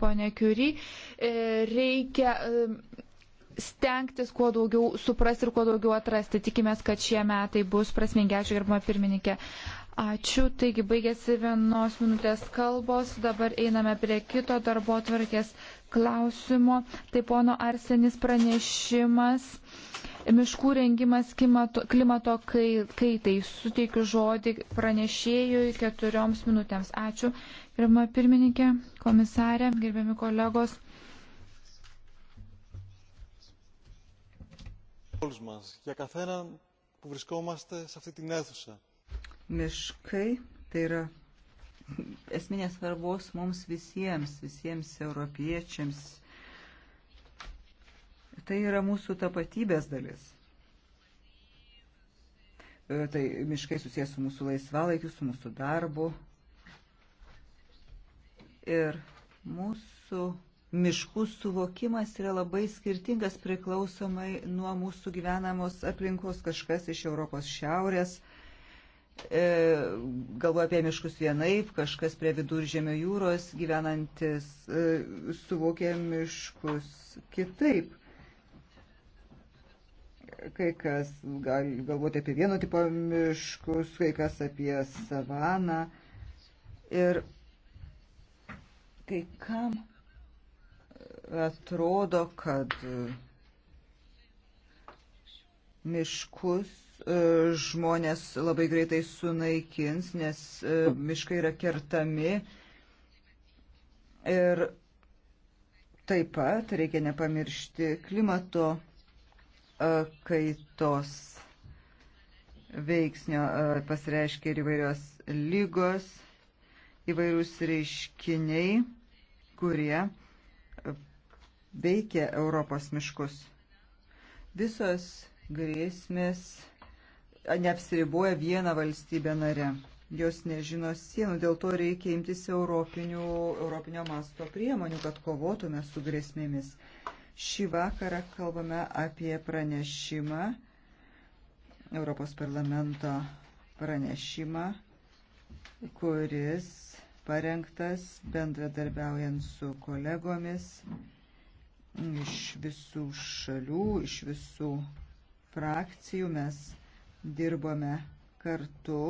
ponė Kiury, e, reikia e, stengtis kuo daugiau suprasti ir kuo daugiau atrasti. Tikimės, kad šie metai bus prasmingi. Ačiū, gerbama pirmininkė. Ačiū. Taigi baigėsi vienos minutės kalbos. Dabar einame prie kito darbo tvarkės klausimo. Tai pono Arsenis pranešimas miškų rengimas klimato, klimato kaitai. Suteikiu žodį pranešėjui keturioms minutėms. Ačiū, gerbama pirmininkė, komisarė, gerbiami kolegos. Miškai tai yra esminės svarbos mums visiems, visiems europiečiams, tai yra mūsų tapatybės dalis. E, tai miškai susijęs su mūsų laisvalaikiu, su mūsų darbu. Ir mūsų miškų suvokimas yra labai skirtingas priklausomai nuo mūsų gyvenamos aplinkos kažkas iš Europos šiaurės. E, galvoja apie miškus vienaip, kažkas prie viduržėmio jūros gyvenantis e, suvokia miškus kitaip. Kai kas gali galvoti apie vieno tipo miškus, kai kas apie savaną. Ir kai kam atrodo, kad miškus e, žmonės labai greitai sunaikins, nes e, miškai yra kertami. Ir taip pat reikia nepamiršti klimato kaitos veiksnio e, pasireiškia ir įvairios lygos, įvairūs reiškiniai, kurie e, veikia Europos miškus. Visos grėsmės neapsiriboja vieną valstybę narę. Jos nežino sienų, dėl to reikia imtis europinių, europinio masto priemonių, kad kovotume su grėsmėmis. Šį vakarą kalbame apie pranešimą, Europos parlamento pranešimą, kuris parengtas bendradarbiaujant su kolegomis iš visų šalių, iš visų frakcijų. Mes dirbome kartu,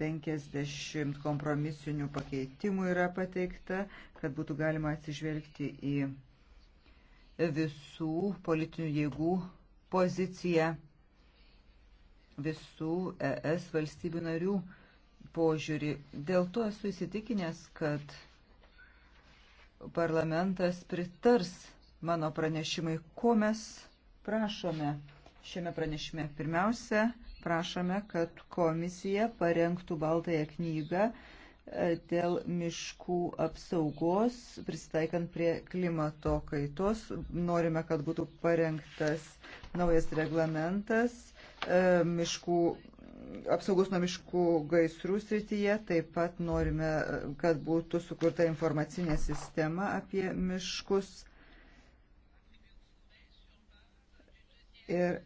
50 kompromisinių pakeitimų yra pateikta, kad būtų galima atsižvelgti į visų politinių jėgų poziciją, visų ES valstybių narių požiūrį. Dėl to esu įsitikinęs, kad parlamentas pritars mano pranešimai, ko mes prašome šiame pranešime. Pirmiausia, prašome, kad komisija parengtų baltąją knygą dėl miškų apsaugos, prisitaikant prie klimato kaitos. Norime, kad būtų parengtas naujas reglamentas e, miškų apsaugos nuo miškų gaisrų srityje. Taip pat norime, kad būtų sukurta informacinė sistema apie miškus. Ir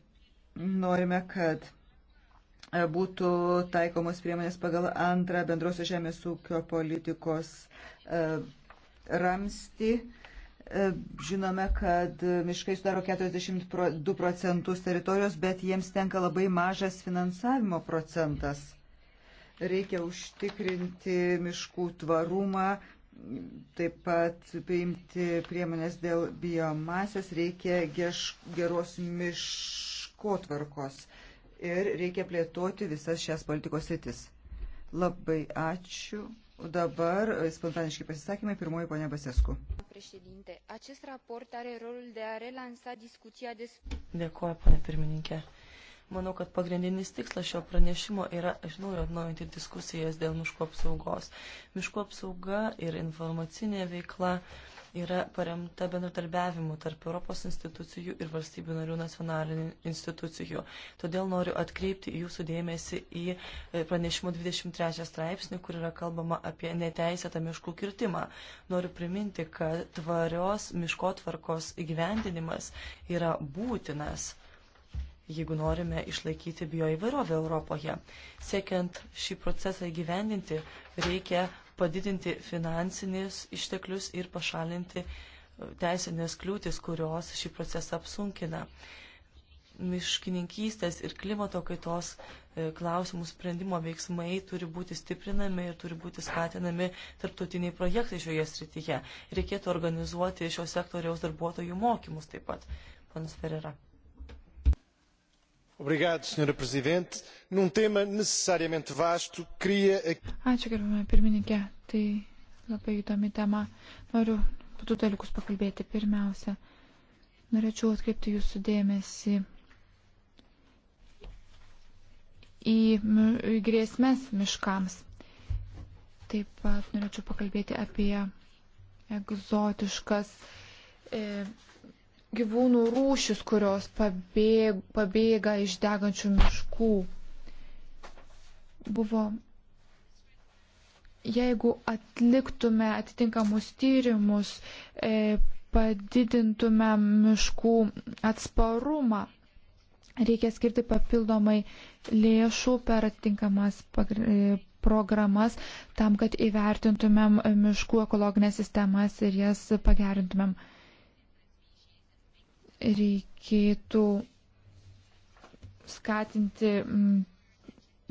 norime, kad E, būtų taikomos priemonės pagal antrą bendrosios žemės ūkio politikos e, ramsti. E, žinome, kad miškai sudaro 42 procentus teritorijos, bet jiems tenka labai mažas finansavimo procentas. Reikia užtikrinti miškų tvarumą, taip pat priimti priemonės dėl biomasės, reikia geros miškotvarkos. tvarkos ir reikia plėtoti visas šias politikos sritis. Labai ačiū. Dabar spontaniški pasisakymai. Pirmoji ponia Basesku. Dėkuoju, ponia pirmininkė. Manau, kad pagrindinis tikslas šio pranešimo yra iš naujo atnaujinti diskusijas dėl miškų apsaugos. Miškų apsauga ir informacinė veikla. Uh, yra paremta bendradarbiavimu tarp Europos institucijų ir valstybių narių nacionalinių institucijų. Todėl noriu atkreipti jūsų dėmesį į e, pranešimo 23 straipsnį, kur yra kalbama apie neteisėtą miškų kirtimą. Noriu priminti, kad tvarios miškotvarkos įgyvendinimas yra būtinas jeigu norime išlaikyti bioįvairovę Europoje. Siekiant šį procesą įgyvendinti, reikia padidinti finansinės išteklius ir pašalinti e, teisinės kliūtis, kurios šį procesą apsunkina. Miškininkystės ir klimato kaitos e, klausimų sprendimo veiksmai turi būti stiprinami ir turi būti skatinami tarptautiniai projektai šioje srityje. Reikėtų organizuoti šio sektoriaus darbuotojų mokymus taip pat. Panas Ferrera senhora presidente num tema necessariamente vasto queria. ačiū gerbiama pirmininke tai labai įdomi tema noriu du dalykus pakalbėti pirmiausia norėčiau atkreipti jūsų dėmesį į grėsmės miškams taip pat norėčiau pakalbėti apie egzotiškas e, gyvūnų rūšis, kurios pabėg, pabėga iš degančių miškų. Buvo, jeigu atliktume atitinkamus tyrimus, e, padidintume miškų atsparumą. Reikia skirti papildomai lėšų per atitinkamas e, programas tam, kad įvertintumėm miškų ekologinės sistemas ir jas pagerintumėm reikėtų skatinti mm,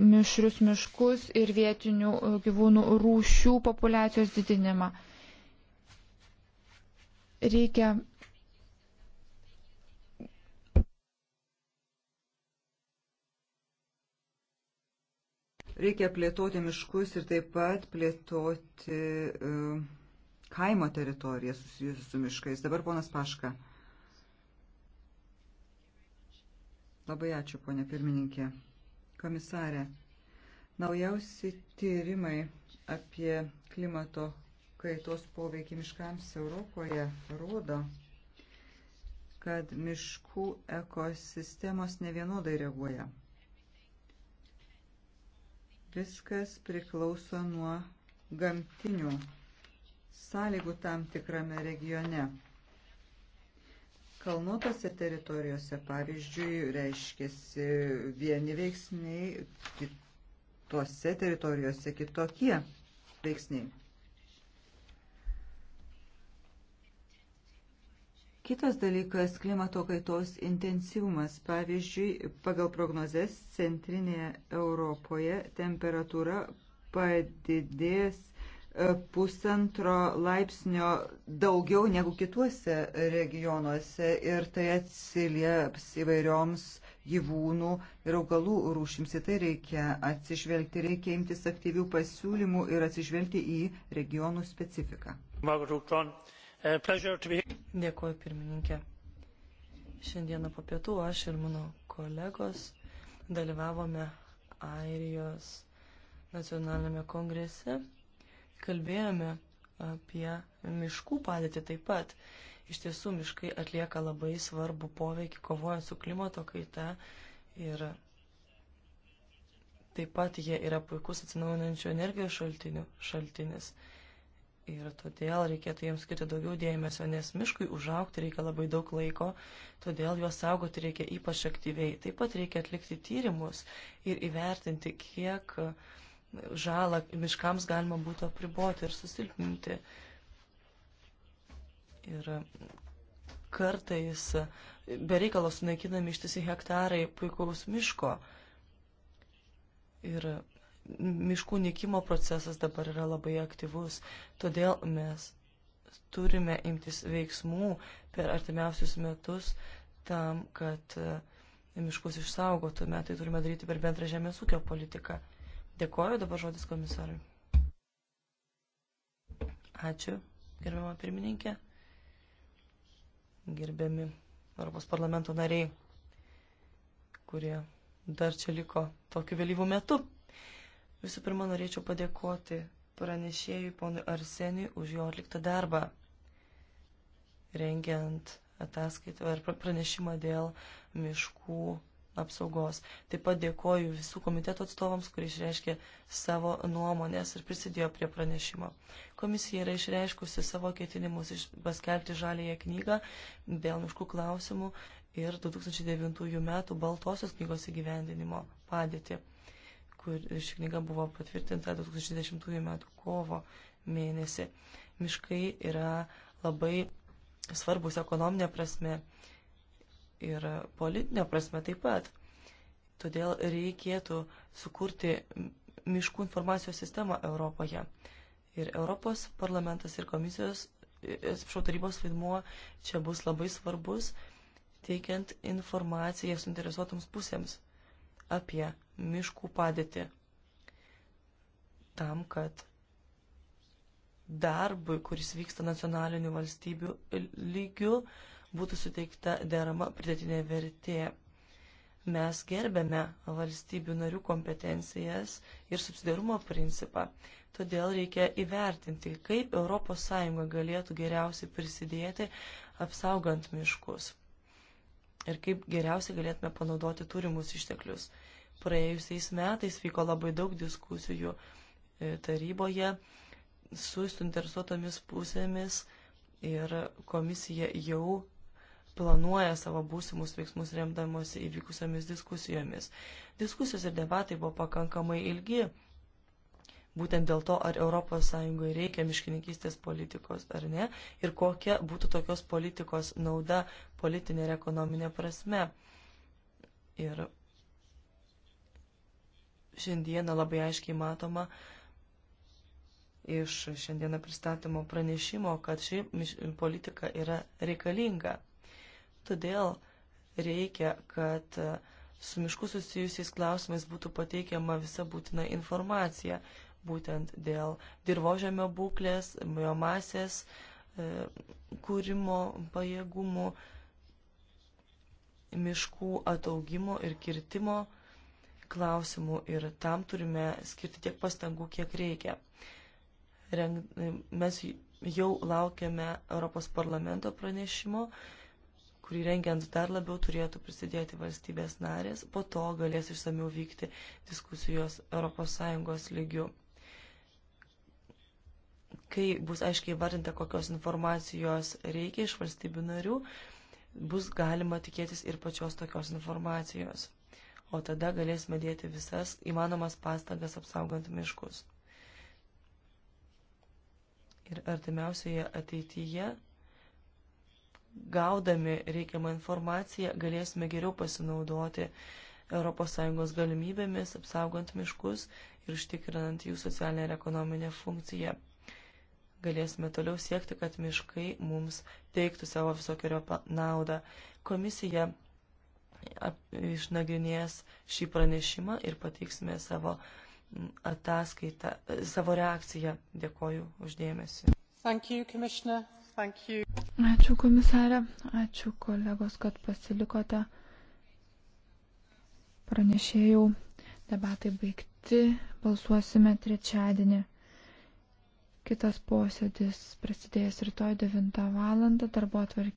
mišrius miškus ir vietinių e, gyvūnų rūšių populiacijos didinimą. Reikia Reikia plėtoti miškus ir taip pat plėtoti uh, kaimo teritoriją susijusiu su miškais. Dabar ponas Paška. Labai ačiū, ponė pirmininkė. Komisarė, naujausi tyrimai apie klimato kaitos poveikį miškams Europoje rodo, kad miškų ekosistemos nevienodai reaguoja. Viskas priklauso nuo gamtinių sąlygų tam tikrame regione. Kalnuotose teritorijose, pavyzdžiui, reiškiasi vieni veiksniai, kitose teritorijose kitokie veiksniai. Kitas dalykas - klimato kaitos intensyvumas. Pavyzdžiui, pagal prognozes centrinėje Europoje temperatūra padidės pusantro laipsnio daugiau negu kituose regionuose ir tai atsilieps įvairioms gyvūnų ir augalų rūšims. Į tai reikia atsižvelgti, reikia imtis aktyvių pasiūlymų ir atsižvelgti į regionų specifiką. Dėkuoju pirmininkė. Šiandieną po pietų aš ir mano kolegos dalyvavome Airijos nacionalinėme kongrese kalbėjome apie miškų padėtį taip pat. Iš tiesų, miškai atlieka labai svarbu poveikį kovojant su klimato kaita ir taip pat jie yra puikus atsinaujinančių energijos šaltinių šaltinis. Ir todėl reikėtų jiems skirti daugiau dėmesio, nes miškui užaukti reikia labai daug laiko, todėl juos saugoti reikia ypač aktyviai. Taip pat reikia atlikti tyrimus ir įvertinti, kiek uh, žalą miškams galima būtų apriboti ir susilpninti. Ir kartais bereikalo sunaikinami ištisi hektarai puikaus miško. Ir miškų nikimo procesas dabar yra labai aktyvus. Todėl mes turime imtis veiksmų per artimiausius metus tam, kad miškus išsaugotume. Tai turime daryti per bendrą žemės ūkio politiką. Dėkoju, dabar žodis komisarui. Ačiū, gerbiama pirmininkė, gerbiami Europos parlamento nariai, kurie dar čia liko tokiu vėlyvų metu. Visų pirma, norėčiau padėkoti pranešėjui ponui Arseniui už jo atliktą darbą, rengiant ataskaitą ar pranešimą dėl miškų apsaugos. Taip pat dėkoju visų komiteto atstovams, kurie išreiškė savo nuomonės ir prisidėjo prie pranešimo. Komisija yra išreiškusi savo ketinimus paskelbti žalėje knygą dėl miškų klausimų ir 2009 metų Baltosios knygos įgyvendinimo padėtį, kur ši knyga buvo patvirtinta 2010 metų kovo mėnesį. Miškai yra labai svarbus ekonominė prasme ir politinė prasme taip pat. Todėl reikėtų sukurti miškų informacijos sistemą Europoje. Ir Europos parlamentas ir komisijos, atsiprašau, tarybos vaidmuo čia bus labai svarbus, teikiant informaciją suinteresuotoms pusėms apie miškų padėtį. Tam, kad darbui, kuris vyksta nacionaliniu valstybių lygiu, būtų suteikta derama pridėtinė vertė. Mes gerbėme valstybių narių kompetencijas ir subsidarumo principą, todėl reikia įvertinti, kaip ES galėtų geriausiai prisidėti apsaugant miškus ir kaip geriausiai galėtume panaudoti turimus išteklius. Praėjusiais metais vyko labai daug diskusijų e, taryboje su suinteresuotomis pusėmis ir komisija jau planuoja savo būsimus veiksmus remdamosi įvykusiamis diskusijomis. Diskusijos ir debatai buvo pakankamai ilgi. Būtent dėl to, ar ES reikia miškininkystės politikos ar ne, ir kokia būtų tokios politikos nauda politinė ir ekonominė prasme. Ir šiandieną labai aiškiai matoma, iš šiandieną pristatymo pranešimo, kad ši politika yra reikalinga. Todėl reikia, kad e, su mišku susijusiais klausimais būtų pateikiama visa būtina informacija, būtent dėl dirbožėmio būklės, biomasės, e, kūrimo pajėgumų, miškų ataugimo ir kirtimo klausimų ir tam turime skirti tiek pastangų, kiek reikia. Reng, mes jau laukiame Europos parlamento pranešimo, kurį rengiant dar labiau turėtų prisidėti valstybės narės, po to galės išsamiau vykti diskusijos ES lygių. Kai bus aiškiai vardinta, kokios informacijos reikia iš valstybių narių, bus galima tikėtis ir pačios tokios informacijos. O tada galėsime dėti visas įmanomas pastangas apsaugant miškus. Ir artimiausioje ateityje gaudami reikiamą informaciją galėsime geriau pasinaudoti ES galimybėmis, apsaugant miškus ir užtikrinant jų socialinę ir ekonominę funkciją. Galėsime toliau siekti, kad miškai mums teiktų savo visokiojo naudą. Komisija išnagrinės šį pranešimą ir pateiksime savo mm, ataskaitą, savo reakciją. Dėkoju uždėmesi. Thank you, Commissioner. Thank you. Ačiū komisarė, ačiū kolegos, kad pasilikote. Pranešėjau, debatai baigti, balsuosime trečiadienį. Kitas posėdis prasidėjęs rytoj 9 val. darbo atvarkė.